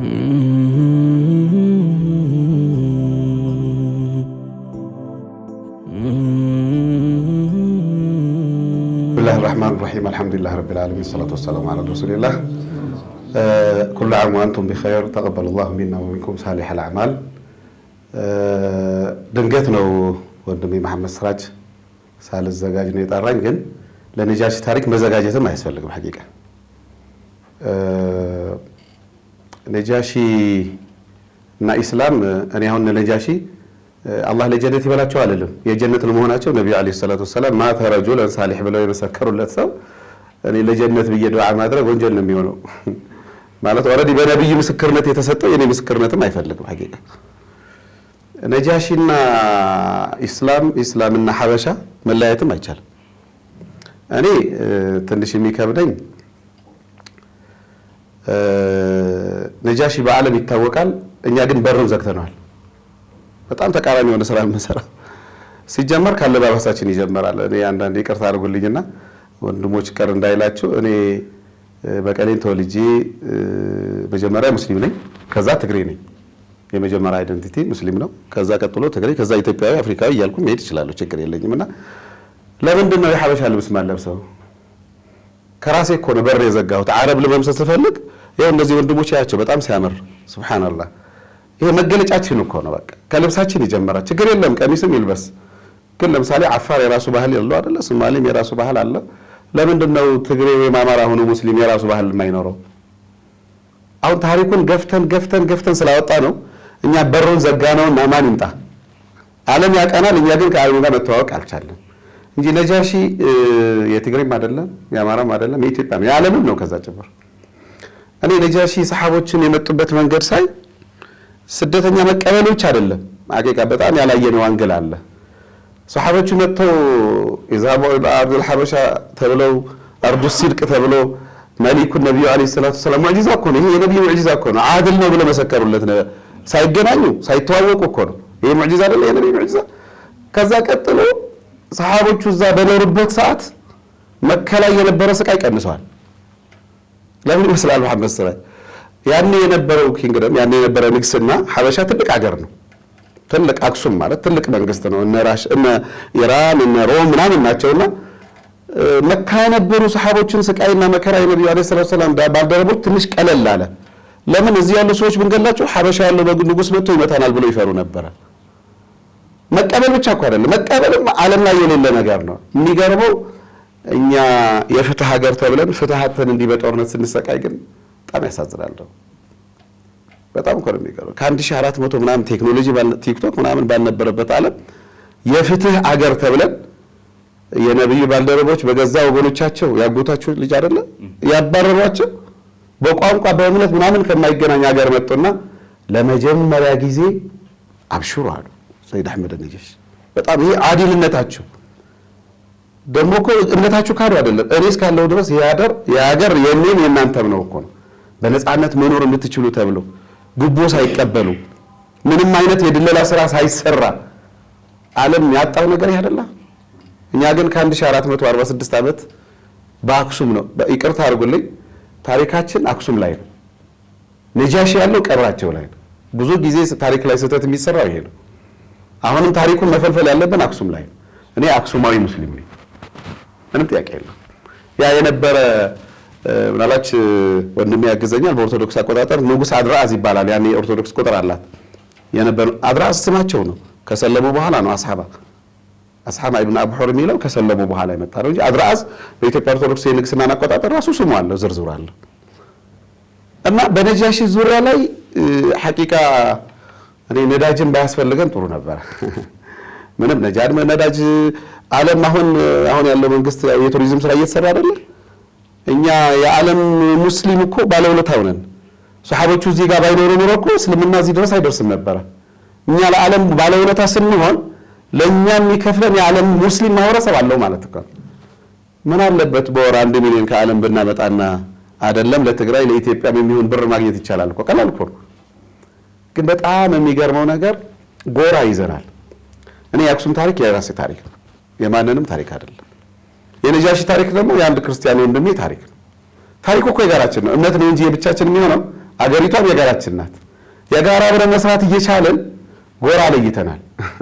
ብስሚላህ ራህማን ራሒም አልሐምዱሊላህ ረቢል ዓለሚን ሰላቱ ወሰላሙ ዓላ ረሱሊላህ ኩሉ ዓም ወአንቱም ቢኸይር ተቀበለላሁ ሚና ወሚንኩም ሳሊሐል አዕማል። ድንገት ነው ወንድሜ መሐመድ ስራጅ ሳልዘጋጅ ነው የጠራኝ። ግን ለነጃሺ ታሪክ መዘጋጀትም አያስፈልግም ሐቂቃ ነጃሺ እና ኢስላም እኔ አሁን ነጃሺ አላህ ለጀነት ይበላቸው አልልም። የጀነት ለመሆናቸው ነቢዩ ዓለይሂ ሰላቱ ወሰላም ማተ ረጁለን ሳሊሕ ብለው የመሰከሩለት ሰው እኔ ለጀነት ብዬ ዱዓ ማድረግ ወንጀል ነው የሚሆነው። ማለት ኦልሬዲ በነቢይ ምስክርነት የተሰጠው የኔ ምስክርነትም አይፈልግም። ሀቂቃ ነጃሺና ኢስላም ኢስላምና ሀበሻ መለያየትም አይቻልም። እኔ ትንሽ የሚከብደኝ ነጃሺ በዓለም ይታወቃል። እኛ ግን በሩን ዘግተነዋል። በጣም ተቃራኒ የሆነ ስራ የምንሰራ ሲጀመር ካለባበሳችን ይጀመራል። እኔ አንዳንዴ ይቅርታ አድርጉልኝና ወንድሞች ቀር እንዳይላችሁ እኔ በቀሌን ተወልጄ መጀመሪያ ሙስሊም ነኝ፣ ከዛ ትግሬ ነኝ። የመጀመሪያ አይደንቲቲ ሙስሊም ነው። ከዛ ቀጥሎ ትግሬ፣ ከዛ ኢትዮጵያዊ፣ አፍሪካዊ እያልኩ መሄድ እችላለሁ። ችግር የለኝም። እና ለምንድን ነው የሐበሻ ልብስ ማለብሰው? ከራሴ እኮ ነው በር የዘጋሁት። አረብ ልበምሰ ስፈልግ ያው እነዚህ ወንድሞች ያቸው በጣም ሲያምር ሱብሃንአላህ። ይሄ መገለጫችን እኮ ነው። በቃ ከልብሳችን ይጀምራል። ችግር የለም ቀሚስም ይልበስ። ግን ለምሳሌ አፋር የራሱ ባህል ያለው አይደለ? ሶማሌም የራሱ ባህል አለ። ለምንድን ነው ትግሬ የማማራ ሆኖ ሙስሊም የራሱ ባህል የማይኖረው? አሁን ታሪኩን ገፍተን ገፍተን ገፍተን ስላወጣ ነው እኛ በሩን ዘጋነውና ማን ይምጣ ዓለም ያቀናል። እኛ ግን ከዓለም ጋር መተዋወቅ አልቻለም እንጂ ነጃሺ የትግሬም አይደለም የአማራም አይደለም የኢትዮጵያም የዓለምም ነው ከዛ ጭምር እኔ ነጃሺ ሰሓቦችን የመጡበት መንገድ ሳይ ስደተኛ መቀበል ብቻ አይደለም። አቂቃ በጣም ያላየነው አንግል አለ። ሰሓቦቹ መጥተው የዛቦ አብዱል ሐበሻ ተብለው አርዱ ሲድቅ ተብሎ መሊኩ ነቢዩ ዓለይሂ ሰላቱ ወሰላም ሙዕጂዛ እኮ ነው። ይሄ የነቢዩ ሙዕጂዛ እኮ ነው። አድል ነው ብለው መሰከሩለት። ሳይገናኙ ሳይተዋወቁ እኮ ነው። ይሄ ሙዕጂዛ አይደለ? የነቢዩ ሙዕጂዛ። ከዛ ቀጥሎ ሰሓቦቹ እዛ በኖሩበት ሰዓት መከላ የነበረ ስቃይ ቀንሰዋል። ለምን ይመስላል መሐመድ ስራይ። ያኔ የነበረው ኪንግደም ያኔ የነበረው ንግስና ሐበሻ ትልቅ ሀገር ነው። ትልቅ አክሱም ማለት ትልቅ መንግስት ነው። እነ ራሽ እነ ኢራን እነ ሮም ምናምን ናቸውና መካ የነበሩ ሰሐቦችን ስቃይና መከራ የነብዩ አለይሂ ሰላቱ ሰላም ባልደረቦች ትንሽ ቀለል አለ። ለምን እዚህ ያሉ ሰዎች ብንገላቸው ሐበሻ ያለው ንጉስ መጥቶ ይመታናል ብሎ ይፈሩ ነበረ። መቀበል ብቻ እኮ አይደለም፣ መቀበልም ዓለም ላይ የሌለ ነገር ነው። የሚገርመው እኛ የፍትህ ሀገር ተብለን ፍትሀትን እንዲህ በጦርነት ስንሰቃይ ግን በጣም ያሳዝናል። በጣም እኮ ነው የሚገርመው። ከአንድ ሺህ አራት መቶ ምናምን ቴክኖሎጂ ቲክቶክ ምናምን ባልነበረበት ዓለም የፍትህ አገር ተብለን የነብዩ ባልደረቦች በገዛ ወገኖቻቸው ያጎታቸው ልጅ አይደለ ያባረሯቸው በቋንቋ በእምነት ምናምን ከማይገናኝ ሀገር መጡና ለመጀመሪያ ጊዜ አብሽሩ አሉ ሰይድ አሕመድ ነጀሽ። በጣም ይሄ አዲልነታቸው ደግሞ እኮ እምነታችሁ ካዱ አይደለም። እኔ እስካለሁ ድረስ የአደር የሀገር የኔም የእናንተም ነው እኮ ነው በነፃነት መኖር የምትችሉ ተብሎ ጉቦ ሳይቀበሉ ምንም አይነት የድለላ ስራ ሳይሰራ ዓለም ያጣው ነገር ያደላ። እኛ ግን ከ1446 ዓመት በአክሱም ነው። ይቅርታ አድርጉልኝ፣ ታሪካችን አክሱም ላይ ነው። ነጃሺ ያለው ቀብራቸው ላይ ነው። ብዙ ጊዜ ታሪክ ላይ ስህተት የሚሰራው ይሄ ነው። አሁንም ታሪኩን መፈልፈል ያለብን አክሱም ላይ ነው። እኔ አክሱማዊ ሙስሊም ነኝ። ምንም ጥያቄ የለም። ያ የነበረ ምናልባት ወንድሜ ያግዘኛል። በኦርቶዶክስ አቆጣጠር ንጉስ አድራአዝ ይባላል። ያኔ የኦርቶዶክስ ቁጥር አላት የነበረ አድራአዝ ስማቸው ነው። ከሰለሙ በኋላ ነው አስሓባ አስሓባ ኢብን አብሑር የሚለው ከሰለሙ በኋላ የመጣ ነው እንጂ አድራአዝ በኢትዮጵያ ኦርቶዶክስ የንግስናን አቆጣጠር ራሱ ስሙ አለው ዝርዝሩ አለው እና በነጃሺ ዙሪያ ላይ ሐቂቃ እኔ ነዳጅን ባያስፈልገን ጥሩ ነበር። ምንም ነጃድ ነዳጅ ዓለም አሁን አሁን ያለው መንግስት የቱሪዝም ስራ እየተሰራ አይደለ? እኛ የዓለም ሙስሊም እኮ ባለውለታ ሆነን ሰሓቦቹ እዚህ ጋር ባይኖሩ ኖሮ እኮ እስልምና እዚህ ድረስ አይደርስም ነበረ። እኛ ለዓለም ባለውለታ ስንሆን ለእኛ የሚከፍለን የዓለም ሙስሊም ማህበረሰብ አለው ማለት እኮ ምን አለበት በወር አንድ ሚሊዮን ከዓለም ብናመጣና አይደለም ለትግራይ ለኢትዮጵያ የሚሆን ብር ማግኘት ይቻላል እኮ ቀላል እኮ ግን በጣም የሚገርመው ነገር ጎራ ይዘናል እኔ የአክሱም ታሪክ የራሴ ታሪክ ነው፣ የማንንም ታሪክ አይደለም። የነጃሺ ታሪክ ደግሞ የአንድ ክርስቲያን ወንድሜ ታሪክ ነው። ታሪኩ እኮ የጋራችን ነው። እምነት ነው እንጂ የብቻችን የሚሆነው አገሪቷም የጋራችን ናት። የጋራ አብረን መስራት እየቻለን ጎራ ለይተናል።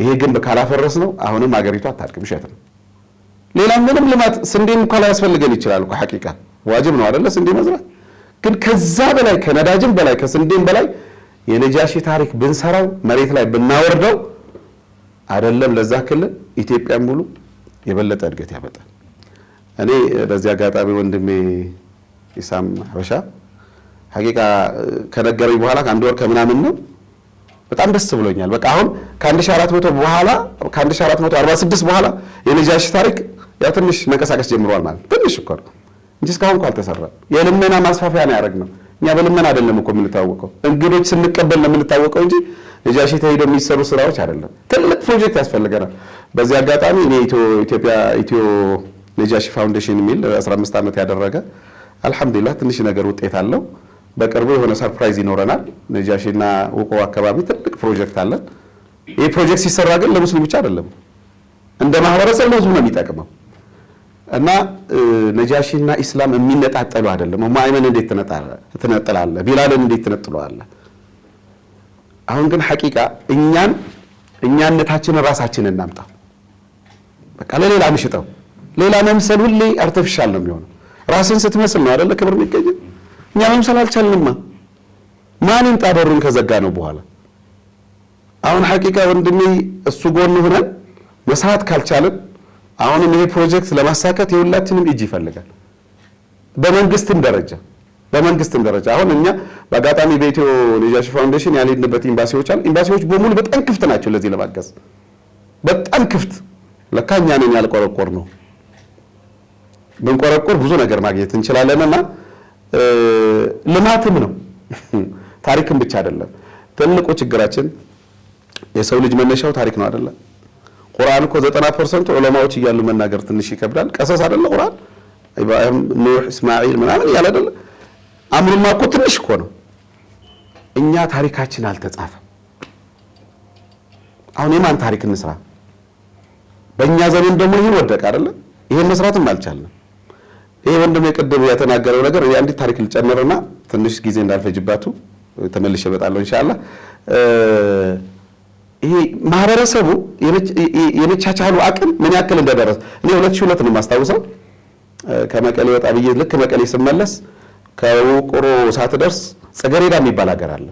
ይሄ ግንብ ካላፈረስ ነው አሁንም አገሪቷ አታድቅም፣ ሸት ነው። ሌላ ምንም ልማት ስንዴም እንኳ ላያስፈልገን ይችላል እኮ ሐቂቃ ዋጅብ ነው አደለ ስንዴ መዝራት ግን ከዛ በላይ ከነዳጅም በላይ ከስንዴም በላይ የነጃሺ ታሪክ ብንሰራው መሬት ላይ ብናወርደው አይደለም ለዛ ክልል ኢትዮጵያን ሙሉ የበለጠ እድገት ያመጣል። እኔ በዚህ አጋጣሚ ወንድሜ ኢሳም ሀበሻ ሀቂቃ ከነገረኝ በኋላ ከአንድ ወር ከምናምን ነው በጣም ደስ ብሎኛል። በቃ አሁን ከ1400 በኋላ ከ1446 በኋላ የነጃሽ ታሪክ ያው ትንሽ መንቀሳቀስ ጀምሯል ማለት ትንሽ እኮ ነው እንጂ እስካሁን እኮ አልተሰራም። የልመና ማስፋፊያ ነው ያደረግነው። እኛ በልመና አይደለም እኮ የምንታወቀው እንግዶች ስንቀበል ነው የምንታወቀው እንጂ ነጃሺ ተሄደው የሚሰሩ ስራዎች አይደለም። ትልቅ ፕሮጀክት ያስፈልገናል። በዚህ አጋጣሚ እኔ ኢትዮጵያ ኢትዮ ነጃሺ ፋውንዴሽን የሚል 15 ዓመት ያደረገ አልሐምዱሊላህ ትንሽ ነገር ውጤት አለው። በቅርቡ የሆነ ሰርፕራይዝ ይኖረናል። ነጃሺና ውቆ አካባቢ ትልቅ ፕሮጀክት አለን። ይህ ፕሮጀክት ሲሰራ ግን ለሙስሊም ብቻ አይደለም፣ እንደ ማህበረሰብ ለህዝቡ ነው የሚጠቅመው እና ነጃሺና ኢስላም የሚነጣጠሉ አይደለም። ሙአይምን እንዴት ትነጥላለህ? ቢላልን እንዴት ትነጥለዋለህ? አሁን ግን ሐቂቃ እኛን እኛነታችንን ራሳችን እናምጣ። በቃ ለሌላ ምሽጠው ሌላ መምሰል ሁሌ አርቲፊሻል ነው የሚሆነው። ራስን ስትመስል ነው አይደለ ክብር የሚገኝ። እኛ መምሰል አልቻልንማ። ማን ይምጣ በሩን ከዘጋ ነው በኋላ። አሁን ሐቂቃ ወንድሜ እሱ ጎን ሆነን መስራት ካልቻልን አሁንም ይሄ ፕሮጀክት ለማሳካት የሁላችንም እጅ ይፈልጋል በመንግስትም ደረጃ በመንግስትም ደረጃ አሁን እኛ በአጋጣሚ በኢትዮ ሊጃሽ ፋውንዴሽን ያልሄድንበት ኤምባሲዎች አሉ። ኤምባሲዎች በሙሉ በጣም ክፍት ናቸው ለዚህ ለማገዝ በጣም ክፍት። ለካ እኛ ነን ያልቆረቆር ነው። ብንቆረቆር ብዙ ነገር ማግኘት እንችላለን። እና ልማትም ነው ታሪክም ብቻ አይደለም። ትልቁ ችግራችን የሰው ልጅ መነሻው ታሪክ ነው አይደለም። ቁርአን እኮ 90 ፐርሰንቱ ዑለማዎች እያሉ መናገር ትንሽ ይከብዳል። ቀሰስ አይደለ ቁርአን ኢብራሂም፣ ኑህ፣ እስማኤል ምናምን እያለ አይደለም አምርማ እኮ ትንሽ እኮ ነው። እኛ ታሪካችን አልተጻፈም። አሁን የማን ታሪክ እንስራ? በእኛ ዘመን ደግሞ ይህን ወደቀ አይደለ? ይሄን መስራትም አልቻለም። ይሄ ወንድም የቅድም የተናገረው ነገር አንዲት ታሪክ ልጨምርና ትንሽ ጊዜ እንዳልፈጅባቱ ተመልሼ እመጣለሁ ኢንሻአላህ። ይሄ ማህበረሰቡ የመቻቻሉ አቅም ምን ያክል እንደደረሰ እኔ ሁለት ሁለት ነው የማስታውሰው ከመቀሌ ወጣ ብዬ ልክ መቀሌ ስመለስ ከውቅሮ ሳትደርስ ጸገሬዳ የሚባል ሀገር አለ።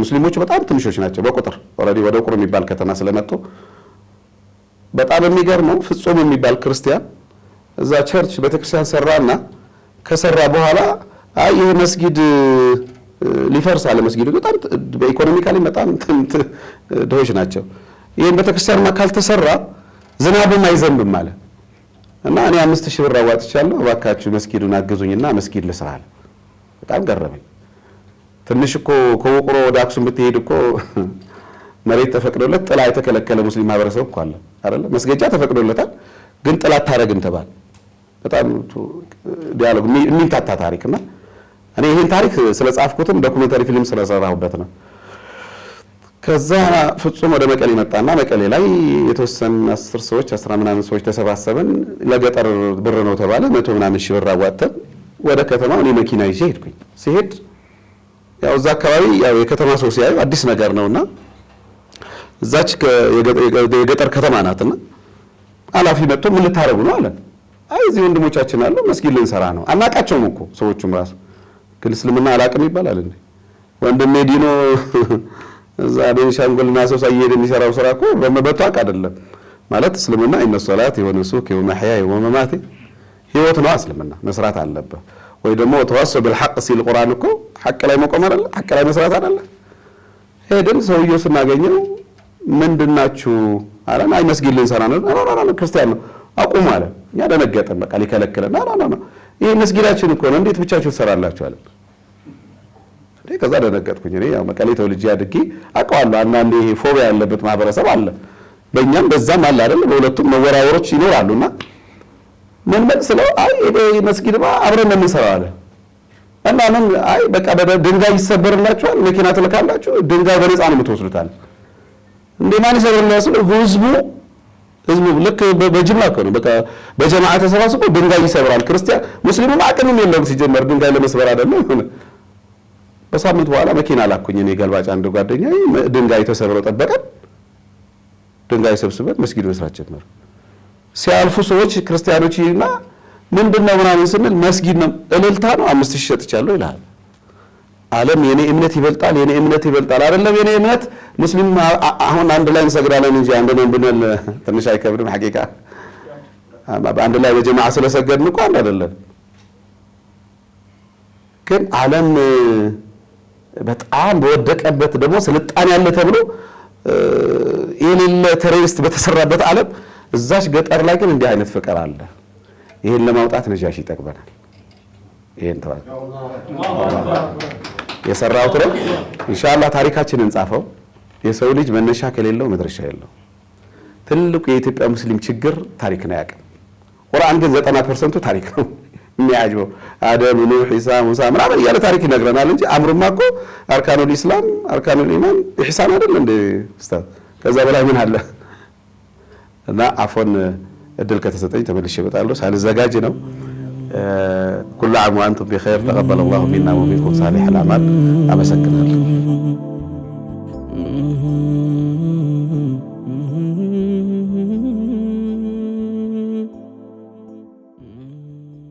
ሙስሊሞች በጣም ትንሾች ናቸው በቁጥር ኦልሬዲ ወደ ውቅሮ የሚባል ከተማ ስለመጡ በጣም የሚገርመው ፍጹም የሚባል ክርስቲያን እዛ ቸርች ቤተክርስቲያን ሰራና ከሰራ በኋላ አይ ይህ መስጊድ ሊፈርስ አለ። መስጊዱ በጣም በኢኮኖሚካሊ በጣም ድሆች ናቸው። ይህን ቤተክርስቲያን ካልተሰራ ዝናብም አይዘንብም አለ። እና እኔ አምስት ሺህ ብር አዋጥቻለሁ እባካችሁ መስጊዱን አግዙኝና መስጊድ ልስራ አለ። በጣም ገረመኝ። ትንሽ እኮ ከውቅሮ ወደ አክሱም ብትሄድ እኮ መሬት ተፈቅዶለት ጥላ የተከለከለ ሙስሊም ማህበረሰብ እኮ አለ አይደለ? መስገጃ ተፈቅዶለታል፣ ግን ጥላ አታረግም ተባለ። በጣም ዲያሎግ የሚንታታ ታሪክ እና እኔ ይህን ታሪክ ስለጻፍኩትም ዶኩሜንታሪ ፊልም ስለሰራሁበት ነው። ከዛ ፍጹም ወደ መቀሌ መጣና መቀሌ ላይ የተወሰን አስር ሰዎች አስራ ምናምን ሰዎች ተሰባሰብን። ለገጠር ብር ነው ተባለ። መቶ ምናምን ሺህ ብር አዋተን ወደ ከተማ እኔ መኪና ይዤ ሄድኩኝ። ሲሄድ ያው እዛ አካባቢ ያው የከተማ ሰው ሲያዩ አዲስ ነገር ነውና እዛች የገጠር ከተማ ናትና ኃላፊ መጥቶ ምን ነው አለን። አይ እዚህ ወንድሞቻችን አሉ መስጊድ ልንሰራ ነው። አናቃቸውም እኮ ሰዎቹም ራሱ ግን እስልምና አላቅም ይባላል እንዴ ወንድሜ ዲኖ እዛ ቤኒሻንጉልና አሶሳ ሳይሄድ የሚሰራው ስራ እኮ በመበቷቅ አይደለም ማለት እስልምና ኢነ ሶላት የሆነ ሱክ የሆነ ሐያ የሆነ መማቴ ህይወት ነው። እስልምና መስራት አለበት ወይ ደግሞ ተዋሶ ብልሐቅ ሲል ቁርአን እኮ ሐቅ ላይ መቆም አይደለ? ሐቅ ላይ መስራት አይደለ? ሄድን ሰውየው ስናገኘው ምንድናችሁ አለን። አይ መስጊድ ልንሰራ ነው። ክርስቲያን ነው አቁሙ አለ። እኛ ደነገጠን። በቃ ሊከለክለን ይሄ መስጊዳችን እኮ ነው እንዴት ብቻችሁ ትሰራላችሁ አለን። ከዛ ደነገጥኩኝ። እኔ ያው መቀሌ ተወልጄ አድጌ አውቀዋለሁ። አንዳንዴ ይሄ ፎቢያ ያለበት ማህበረሰብ አለ፣ በእኛም በዛም አለ አይደል? በሁለቱም መወራወሮች ይኖራሉና መንመቅ ስለው አይ መስጊድማ አብረን ነው የምንሰራው አለ እና ምን አይ በቃ ድንጋይ ይሰበርላችኋል፣ መኪና ትልካላችሁ፣ ድንጋይ በነፃ ነው የምትወስዱታል። እንደ ማን ይሰበርላችሁ ስለው ህዝቡ ህዝቡ ልክ በጅምላ እኮ ነው በቃ በጀማዓ ተሰባስቦ ድንጋይ ይሰብራል። ክርስቲያን ሙስሊሙም አቅምም የለውም ሲጀመር ድንጋይ ለመስበር አይደለም ይሁን በሳምንት በኋላ መኪና ላኩኝ እኔ ገልባጭ አንድ ጓደኛ ድንጋይ ተሰብረው ጠበቀን። ድንጋይ ሰብስበን መስጊድ መስራት ጀመር። ሲያልፉ ሰዎች ክርስቲያኖች እና ምንድን ነው ምናምን ስንል መስጊድ ነው እልልታ ነው አምስት ሺህ ሰጥቻለሁ ይልሃል። ዓለም የኔ እምነት ይበልጣል፣ የኔ እምነት ይበልጣል። አይደለም የኔ እምነት ሙስሊም አሁን አንድ ላይ እንሰግዳለን እንጂ አንድ ነን ብንል ትንሽ አይከብድም? ሐቂቃ አንድ ላይ በጀማዓ ስለሰገድን እኮ አንድ አይደለም ግን ዓለም በጣም በወደቀበት ደግሞ ስልጣኔ ያለ ተብሎ የሌለ ቴሮሪስት በተሰራበት ዓለም እዛች ገጠር ላይ ግን እንዲህ አይነት ፍቅር አለ። ይህን ለማውጣት ነጃሽ ይጠቅመናል። ይህን ተባ የሰራሁት ነው። ኢንሻአላህ ታሪካችንን እንጻፈው። የሰው ልጅ መነሻ ከሌለው መድረሻ የለው። ትልቁ የኢትዮጵያ ሙስሊም ችግር ታሪክን አያውቅም። ቁርአን ግን ዘጠና ፐርሰንቱ ታሪክ ነው። የሚያጅበው አደም፣ ኑህ፣ ዒሳ፣ ሙሳ ምናምን እያለ ታሪክ ይነግረናል እንጂ አምሩማ እኮ አርካኑል ኢስላም አርካኑል ኢማን ኢሕሳን አይደል እንደ ስታት ከዛ በላይ ምን አለ? እና አፎን እድል ከተሰጠኝ ተመልሼ እመጣለሁ። ሳልዘጋጅ ነው። ኩሉ ዓም ወአንቱም ቢኸይር ተቀበለ ላሁ ሚና ወሚንኩም ሳሊሕ ልአማል። አመሰግናለሁ።